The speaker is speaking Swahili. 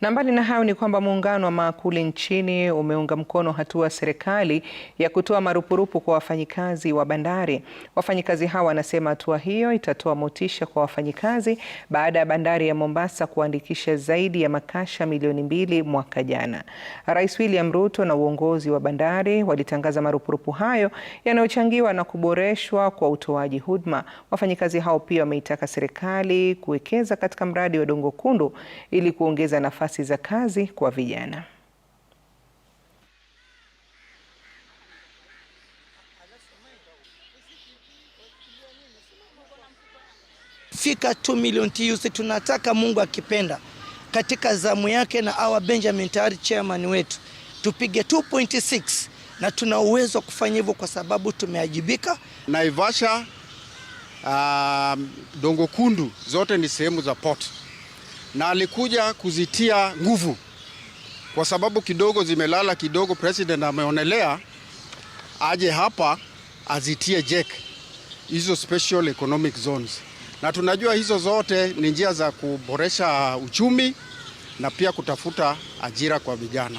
Na mbali na hayo ni kwamba muungano wa maakuli nchini umeunga mkono hatua serikali ya kutoa marupurupu kwa wafanyikazi wa bandari. Wafanyikazi hawa wanasema hatua hiyo itatoa motisha kwa wafanyikazi baada ya bandari ya Mombasa kuandikisha zaidi ya makasha milioni mbili mwaka jana. Rais William Ruto na uongozi wa bandari walitangaza marupurupu hayo yanayochangiwa na kuboreshwa kwa utoaji huduma. Wafanyikazi hao pia wameitaka serikali kuwekeza katika mradi wa Dongo Kundu ili kuongeza nafasi nafasi za kazi kwa vijana. Fika 2 million TUC tunataka, Mungu akipenda, katika zamu yake na awa Benjamin tayari chairman wetu tupige 2.6 na tuna uwezo wa kufanya hivyo kwa sababu tumeajibika. Naivasha, uh, ah, Dongo Kundu zote ni sehemu za port na alikuja kuzitia nguvu, kwa sababu kidogo zimelala kidogo. President ameonelea aje hapa azitie jek hizo special economic zones, na tunajua hizo zote ni njia za kuboresha uchumi na pia kutafuta ajira kwa vijana.